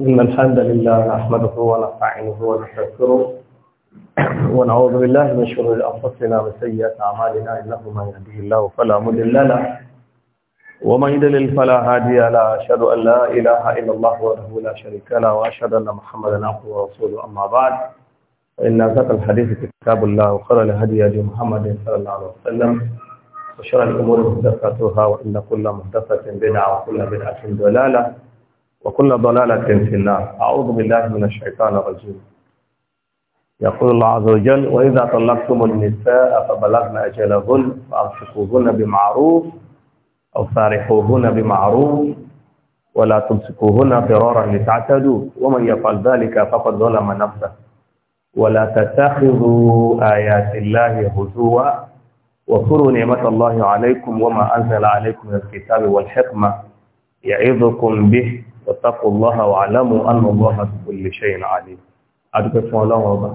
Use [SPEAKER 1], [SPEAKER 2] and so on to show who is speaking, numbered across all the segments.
[SPEAKER 1] إن الحمد لله نحمده ونستعينه ونستغفره ونعوذ بالله من شرور أنفسنا وسيئات أعمالنا إنه من يهده الله فلا مضل له ومن يضلل فلا هادي له أشهد أن لا إله إلا الله وحده لا شريك له وأشهد أن محمدا عبده ورسوله أما بعد فإن أصدق الحديث كتاب الله وخير الهدي هدي محمد صلى الله عليه وسلم وشر الأمور محدثاتها وإن كل محدثة بدعة وكل بدعة ضلالة وكل ضلالة في النار أعوذ بالله من الشيطان الرجيم يقول الله عز وجل وإذا طلقتم النساء فبلغن أجلهن فأمسكوهن بمعروف أو فارحوهن بمعروف ولا تمسكوهن ضرارا لتعتدوا ومن يفعل ذلك فقد ظلم نفسه ولا تتخذوا آيات الله هزوا واذكروا نعمة الله عليكم وما أنزل عليكم من الكتاب والحكمة يعظكم به واتقوا الله واعلموا أن الله بكل شيء عليم adúpẹ́ fún ọlọ́run ọba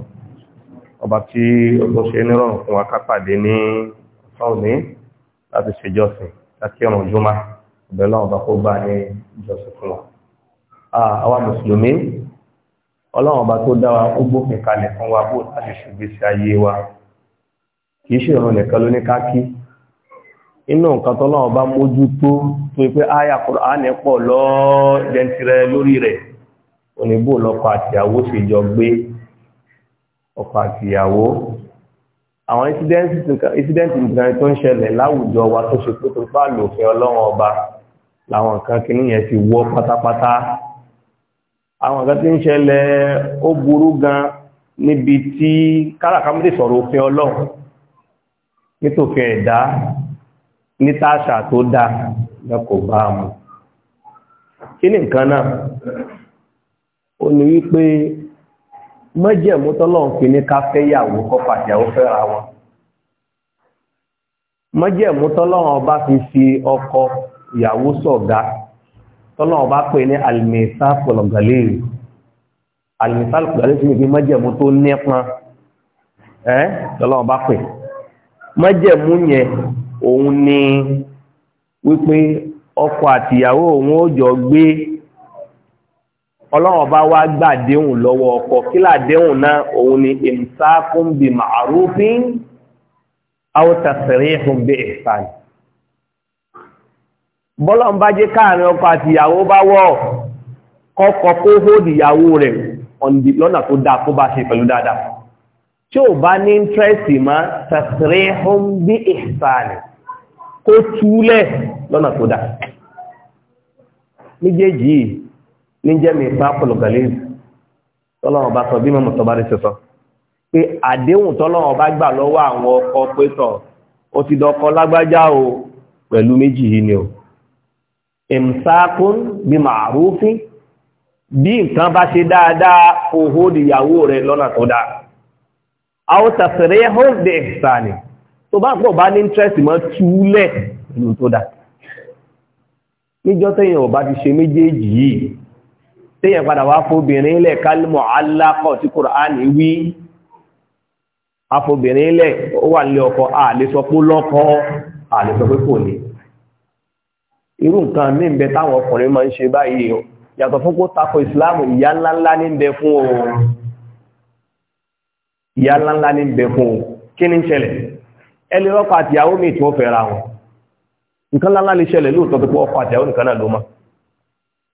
[SPEAKER 1] ọba tí ó ṣe nírọ̀rùn fún wa ká pàdé ní ọ̀sán òní láti ṣèjọsìn láti ọ̀rùn jùmọ́ ọ̀bẹ̀ ọlọ́run ọba kó gbà ní ìjọsìn fún wa inú nǹkan tó lọ́wọ́ bá mójú tó tó pé áyà Kùránì pọ̀ lọ jẹntirẹ lórí rẹ̀ oníbò lọ́kọ àtìyàwó ṣe jọ gbé ọkọ àtìyàwó àwọn incident nǹkan tó ń ṣẹlẹ̀ láwùjọ wa tó ṣe pé tó pààlò òfin ọlọ́wọ́n ọba láwọn nǹkan kìíní yẹn ti wọ́ pátápátá àwọn nǹkan tí ń ṣẹlẹ̀ ó burú gan níbi tí káràkámọ́tì sọ̀rọ̀ òfin ọlọ́run nítòfin ẹ̀dá nítàṣà tó dá lẹ́kọ̀ọ́ bá mú kí ni nǹkan náà ó ní wípé mọ́jẹ̀mú tọ́lọ́run fi ní ká wọn tọ́lọ́run ọba fi fi ọkọ ìyàwó sọ̀gá tọ́lọ́run ọba pè ní alimisa pọ̀lọ̀gàlẹ́ ọba májẹ̀mú yẹn òun ni wípé ọkọ àtìyàwó òun ó jọ gbé ọlọ́run bá wá gbàdéhùn lọ́wọ́ ọkọ kí làdéhùn náà òun ni imsakun bi ma'rufin aw tasrihun bi ihsan bọ́lọ́n bá jẹ́ káàrin ọkọ àtìyàwó bá wọ́ kọ́kọ́ kó hóòdì ìyàwó rẹ̀ lọ́nà tó dáa kó bá ṣe pẹ̀lú dáadáa tí ò bá ní íńtírẹ́sì má tasrihun bí ihsani kó túlẹ̀ lọ́nà tó dá méjèèjì ní jẹ́ mi bá pọ̀lọ̀gàlẹ́ tọ́lọ́wọ́n bá sọ bí mọ́mọ́ tọ́ bá rí sọ́sọ́ pé àdéhùn tọ́lọ́wọ́n bá gbà lọ́wọ́ àwọn ọkọ pé tọ̀ ó ti dọkọ lágbájá o pẹ̀lú méjì yìí ni o imsakun bí màrúfin bí nǹkan bá ṣe dáadáa òhó rẹ̀ lọ́nà tó dáa aw tasrihun bi ihsani tó bá pọ̀ bá ní interest mọ́ túlẹ̀ ìlú tó dá níjọ́ tẹ́yìn ọ̀bá ti ṣe méjèèjì yìí tẹ́yìn padà wá fóbìnrin ilẹ̀ kálímọ̀ alákọ̀ tí ọkọ irú nǹkan ní ń bẹ táwọn ọkùnrin máa ń ṣe báyìí yàtọ̀ ya ńláńlá ní bẹ fún un kí ní ṣẹlẹ̀ ẹni ọkọ àtìyàwó mi tí wọ́n fẹ́ ra wọn nǹkan ńláńlá lè ṣẹlẹ̀ lóòótọ́ pé ọkọ àtìyàwó nìkan náà ló mọ́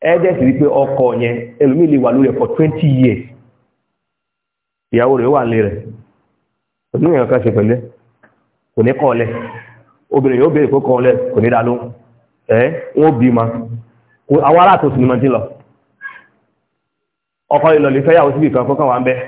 [SPEAKER 1] ẹ̀ẹ́dẹ̀ sì rí pé ọkọ yẹn elu lè wà lórí for twenty years ìyàwó rẹ̀ wà lé rẹ ònú ìyàn kan ṣe kò ní obìnrin yóò béèrè kó kò ní ma àwọn aráàtò ọkọ ń bẹ́ẹ̀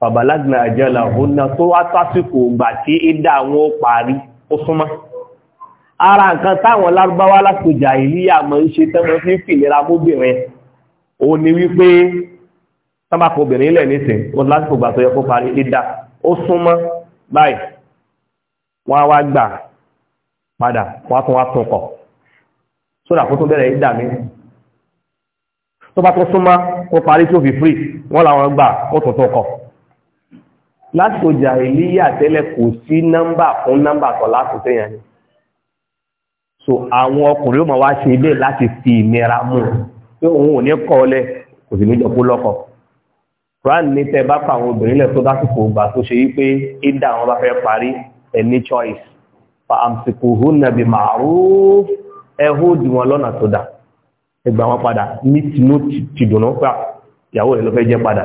[SPEAKER 1] fàbàlágbà àjẹ́là òhúnná tó átásìkò ìgbà tí ìdá àwọn ó parí ó súnmọ́ ara nǹkan táwọn lárúbáwá lásìkòjà ìlíyà mọ̀ ń ṣe tẹ́mọ́ fi ń fìlera móbìnrin ó ní wípé sábàkọ obìnrin ilẹ̀ nísìn ó lásìkò ìgbà tó yẹ kó parí ìdá ó súnmọ́ báyìí wọ́n wá gbà padà wọ́n tún wá tún kọ̀ sódà kó tún tún kọ̀ lásìkò jàìlíyà tẹ́lẹ̀ kò sí nọ́mbà fún nọ́mbà kan lásìkò tẹ́yàn ni so àwọn ọkùnrin ó máa wá ṣe bẹ́ẹ̀ láti fi ìnira mú pé òun ò ní kọ́ ọlẹ́ kò sì níjọ kó lọ́kọ̀ quran ní tẹ́ bá pa àwọn obìnrin lẹ̀ tó dásìkò ògbà tó ṣe wípé ìdá àwọn bá fẹ́ parí ẹni choice fa amsikuhunna bi ma'ruf ẹhó dì wọn lọ́nà tó dà ẹgbà wọn padà ní tinú tìdùnú pé ìyàwó rẹ̀ ló fẹ́ jẹ́ padà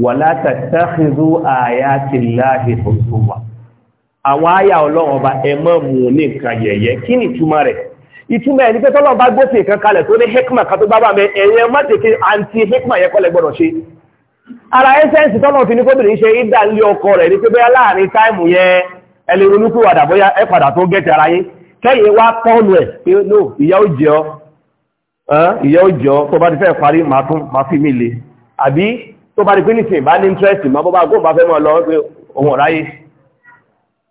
[SPEAKER 1] wàlá tàtàkìrú àyà ti láàrin òṣùwọ̀n wa àwọn àyà ọlọ́run ọba ẹ má mú ní nǹkan yẹ̀yẹ́ kí ni ìtumọ̀ rẹ̀ ìtumọ̀ ẹni pé tọ́lọ́run bá gbóṣe nǹkan kalẹ̀ tó ní hikma kan tó bá bá mẹ ẹ̀yẹ má tètè àǹtí hikma yẹn kọ́lẹ̀ gbọ́dọ̀ ṣe ara ẹsẹ̀nsì tọ́lọ́run fi ní kóbìnrin ṣe ìdá ilé ọkọ rẹ̀ ní pé bẹ́ẹ̀ láàrin táìmù yẹn ẹlẹ́ ronúkúwàdà bóyá ẹ padà tó gẹ̀ẹ́tì ara yín kẹ́yìn wá pọ́ọ̀nù ẹ̀ pé no ìyá ó jẹ́ ọ ìyá ó jẹ́ ọ tó bá ti fẹ́ parí màá tún màá fi mí le àbí tó bá rí pé nìsìn bá ní interest ma bọ́bá góòbá fẹ́ mọ́ lọ pé ohun ọ̀ráyé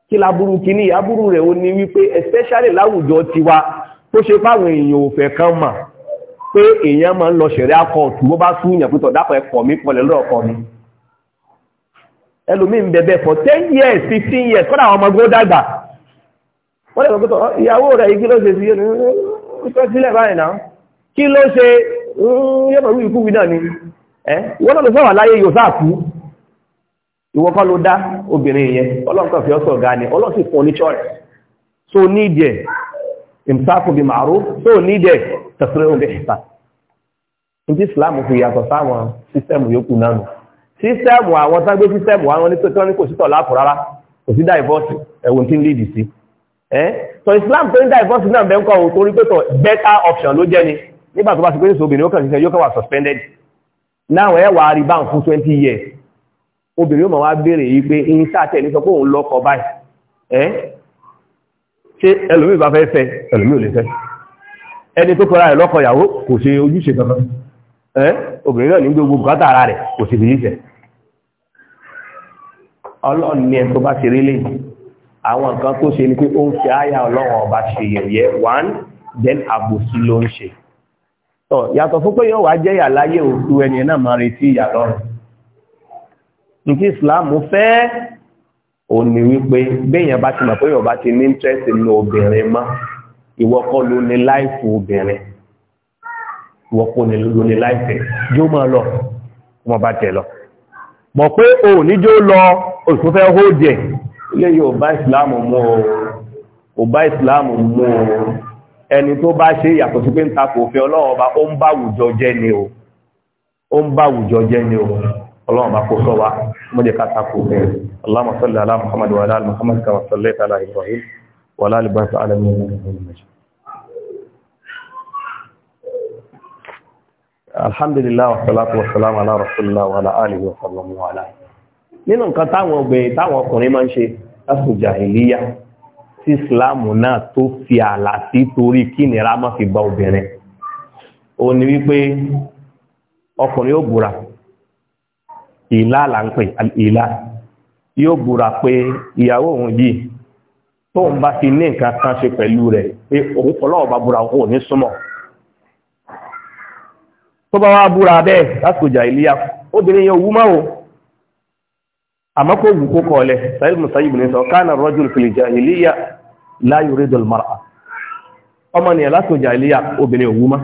[SPEAKER 1] kí láburú kìíní àbúrú rẹ̀ ó ní wípé especially láwùjọ tiwa tó ṣe fáwọn èèyàn ò fẹ́ kan mà pé èèyàn máa ń lọ ṣẹ̀rẹ́ akọ̀ọ̀tù bó bá súnyàn pítọ̀ dápọ̀ ẹ̀kọ́ mi pọ̀lẹ̀ lọ́ọ̀kọ́ mi for ten years fifteen years kọ́dà àwọn ọmọ gbọ́dọ̀ dàgbà wọ́n lè sọ pé ìyàwó rẹ̀ yìí kí ló ìkúwì náà ni ìwọ́n náà ló sọ́wà láyé yóò sáà kú ìwọ kọ́ ló dá obìnrin yẹn ọlọ́nkọ̀ fi ọ́sọ̀ ọ̀gá ni ọlọ́sì fún oníṣọ́rẹ̀ so need ẹ̀ ìmsáàkù bí ma'ruf so need ẹ̀ tẹ̀sírẹ́ oúnjẹ ìta ní Islam fi yàtọ̀ sáwọn sísẹ́mù yòókù náà nù sísẹ́mù àwọn tágbé sísẹ́mù àwọn ní pẹ́tọ́ ní kò sí tọ̀lá àpò rárá kò sí divorce ẹ̀wọ̀n tí ń lead sí ẹ́ tọ́ Islam tó ní divorce náà bẹ́ńkọ̀ torí pẹ́tọ̀ better option ló jẹ́ ni nígbà tó bá ti pé ní sọ obìnrin ó kàn náà ẹ wà rí báǹkù 20 years obìnrin ọmọ wa béèrè yìí pé in sáàtẹ̀ ní sọ pé òun lọ́kọ báyìí ẹ́ ṣe ẹlòmí bá fẹ́ fẹ́ ẹlòmí ò lè fẹ́ ẹni tó kọ́ra ẹ̀ lọ́kọ ìyàwó kò ṣe ojúṣe kankan ẹ́ obìnrin náà ní gbogbo bùkátà ni ẹ tó bá ṣe rí ni pé ó ń fi áyà one then àbòsí ló tọ́ yàtọ̀ fún pé yóò wá jẹ́ yà láyé òkú ẹni náà máa retí ìyàtọ̀ ní kí ìsìláàmù fẹ́ ò ní wípé béèyàn bá ti mọ̀ pé yóò bá ti ní interest nínú obìnrin mọ́ ìwọ kọ́ ló ní láìfù obìnrin ìwọ kọ́ ló ní láìfù jó máa lọ wọn bá tẹ̀ lọ mọ̀ pé ò ní jó lọ òṣù fẹ́ ilé yóò bá ìsìláàmù mú o ẹni tó bá ṣe yàtọ̀ sí pé ń takò òfin ọlọ́run ọba ó ń bá àwùjọ jẹ́ ni o ó ń bá àwùjọ jẹ́ ni o ọlọ́run ọba kò sọ wa mo jẹ́ ká takò òfin Allahumma salli ala Muhammad wa ala ali Muhammad kama sallaita ala Ibrahim wa ala ali Ibrahim ala mi alhamdulillah wa salatu tí ìsìláàmù náà tó fi ààlà sí torí kí nira má fi gba obìnrin ó ní wípé ọkùnrin yóò búra ìlà là ń pè ìlà yóò búra pé ìyàwó òun yìí tóun bá ti ní nǹkan kan ṣe pẹ̀lú rẹ̀ pé òun ọlọ́wọ́ bá búra òun ní súnmọ́ tó bá wá búra bẹ́ẹ̀ lásìkò jà ìlíyà obìnrin yẹn òwú máa wò àmọ́ kò wù kó kọ́ọ̀lẹ̀ Sa'id ibn Musayyib ní sọ kánà rajul fil jahiliya la yuridu al-mar'a ọmọ nìyẹn láti jahiliya obìnrin òwú má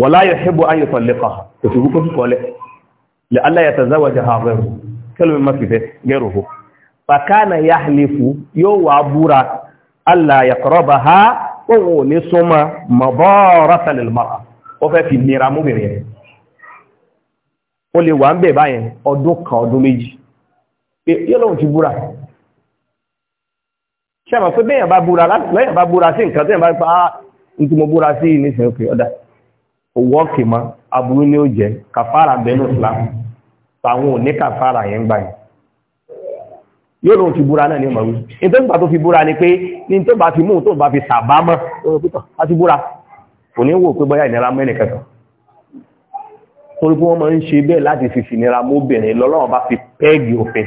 [SPEAKER 1] wala yuhibbu an yutalliqaha kò sì wù kó kọ́ọ̀lẹ̀ la'alla yatazawajaha ghayruhu kẹ́lùmí má fi fẹ́ ghayruhu fakana yahlifu yóò wà búra alla yaqrabaha òun ò ní súnmọ́ lil-mar'a ó fẹ́ fi nira mú bìnrin ó lè wà ń bẹ̀ kan ọdún méjì pé yọ́lọ́run ti búra ṣe àmà pé bẹ́yàn bá búra lẹ́yìn bá búra sí nǹkan tẹ́yìn bá pa ah, ní tí mo búra sí nísìnyí òkè ọ̀dà owó ọ̀kì mọ́ aburú ni ó kàfàrà bẹ́nu Islam àwọn ò ní kàfàrà yẹn gbà yẹn yọ́lọ́run ti búra náà ní ọmọ wí ní tó gbà tó fi búra ni pé ní tó bá fi mú tó bá fi sàbámọ́ a ti búra kò ní wò pé bóyá ìnira mẹ́rin kankan torí pé wọ́n máa ń ṣe bẹ́ẹ̀ láti fi fìnira mọ́bìnrin lọ́lọ́wọ́ bá fi pẹ́ẹ̀gì òfin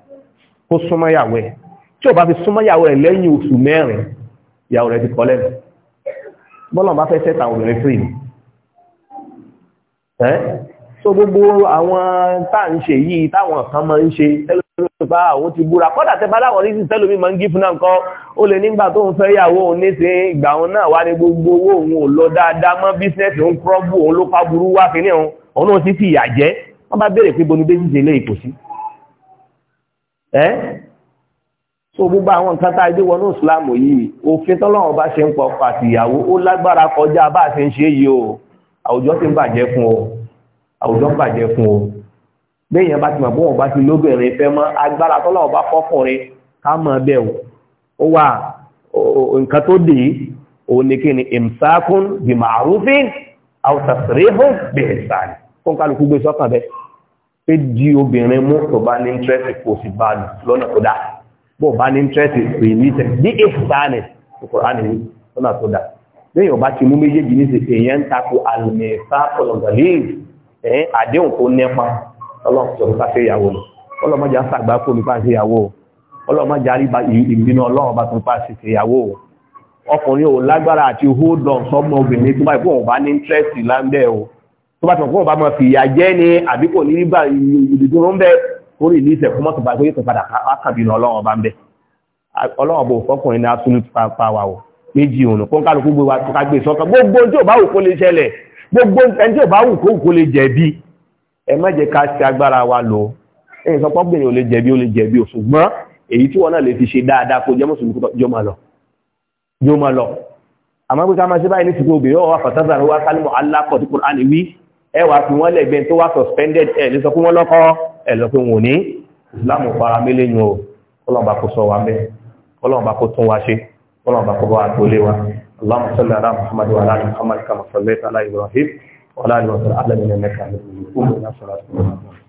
[SPEAKER 1] kó súnmọ́ ìyàwó ẹ̀ tí ò bá fi súnmọ́ ìyàwó ẹ̀ lẹ́yìn oṣù mẹ́rin ìyàwó rẹ̀ ti kọ́ lẹ́nu bọ́lọ̀ bá fẹ́ sẹ́ta obìnrin fún ìlú ẹ́ so gbogbo àwọn tá à ń ṣe yìí táwọn kan máa ń ṣe tẹ́lómi bá àwọn ti búra kọ́dà tẹ́ bá láwọn rí sí tẹ́lómi máa ń gí fún náà kọ́ ó lè nígbà tó ń fẹ́ ìyàwó òun ní sí ìgbà òun náà wá ní gbogbo owó òun ò lọ dáadáa mọ́ bísínẹ́sì òun kúrọ́bù òun ló pa burú wá fi ní òun òun náà sì fi ìyà jẹ́ wọ́n bá béèrè pé bonú bẹ́sí ṣe lé ipò sí ẹ́ so gbogbo àwọn nǹkan tá a dé wọnú ìsìláàmù yìí òfin tọ́lọ́run bá ṣe ń pọ̀ pàtì ìyàwó ó lágbára kọjá bá a ṣe ń ṣe yìí o àwùjọ ti ń bàjẹ́ fún o àwùjọ ń bàjẹ́ fún o béèyàn bá ti mọ̀ pé wọn bá ti lóbìnrin fẹ́ mọ́ agbára tọ́lọ́run bá fọ́kùnrin ká mọ̀ bẹ́ẹ̀ o ó wà nǹkan tó dì í òun ni kí ni imsakun bi ma'rufin aw tasrihun bi ihsan fún kálukú gbé sọ́kàn bẹ́ẹ̀ pé di obìnrin mú tó bá ní interest kò sì bá lọ́nà tó dá bó bá ní interest pè ní tẹ̀ bí ìfúnni ìkọ̀rán ní lọ́nà tó dá lẹ́yìn ọba ti mú méjèèjì ní ṣe èèyàn ń takò àlùmẹ̀fà pọ̀lọ̀gàlíìf ẹ̀yìn àdéhùn tó nípa ọlọ́pùsọ̀rọ̀ bá fẹ́ ìyàwó ọlọ́mọjà sàgbà fún mi pàṣẹ ìyàwó ọlọ́mọjà àríba ìbínú ọlọ́run bá tún pàṣẹ ìyàwó ọkùnrin ò lágbára àti hold on sọ́mọ obìnrin tó bá ìpò òun tó bá tọ̀kọ́ ọba máa fi ìyà jẹ́ ní àbí kò ní nígbà ìdúró ń bẹ orí ìlú ìfẹ́ fún mọ́tò báyìí tó padà ákàbí ní ọlọ́run ọba ń bẹ ọlọ́run ọba òfọkùnrin ní absolute power o méjì òun kó ń kálukú gbé wa tó ká gbé sọ́kàn gbogbo tí ò bá wù kó lè ṣẹlẹ̀ gbogbo ẹni tí ò bá wù kó kó lè jẹ̀bi ẹ má jẹ́ ká wa lò ẹ̀yìn sọ pọ́gbìnrin máa ṣe báyìí ní sùkúrò obìnrin ọ̀wà fàtàzà ló wá sálímù alákọ̀ọ́ ẹwà fi wọ́n lẹ́gbẹ́ tó wá suspended ẹ̀ lè sọ pé wọ́n lọ́kọ́ ẹ̀ lọ pé wọ́n ní islam fara mílé yìí o ọlọ́mọba kò sọ wa mẹ́ ọlọ́mọba kò tún wa ṣe ọlọ́mọba kò bá wa tó lé wa اللهم صل على محمد وعلى ال محمد كما صليت على ابراهيم وعلى ال وصحبه وسلم انك حميد مجيد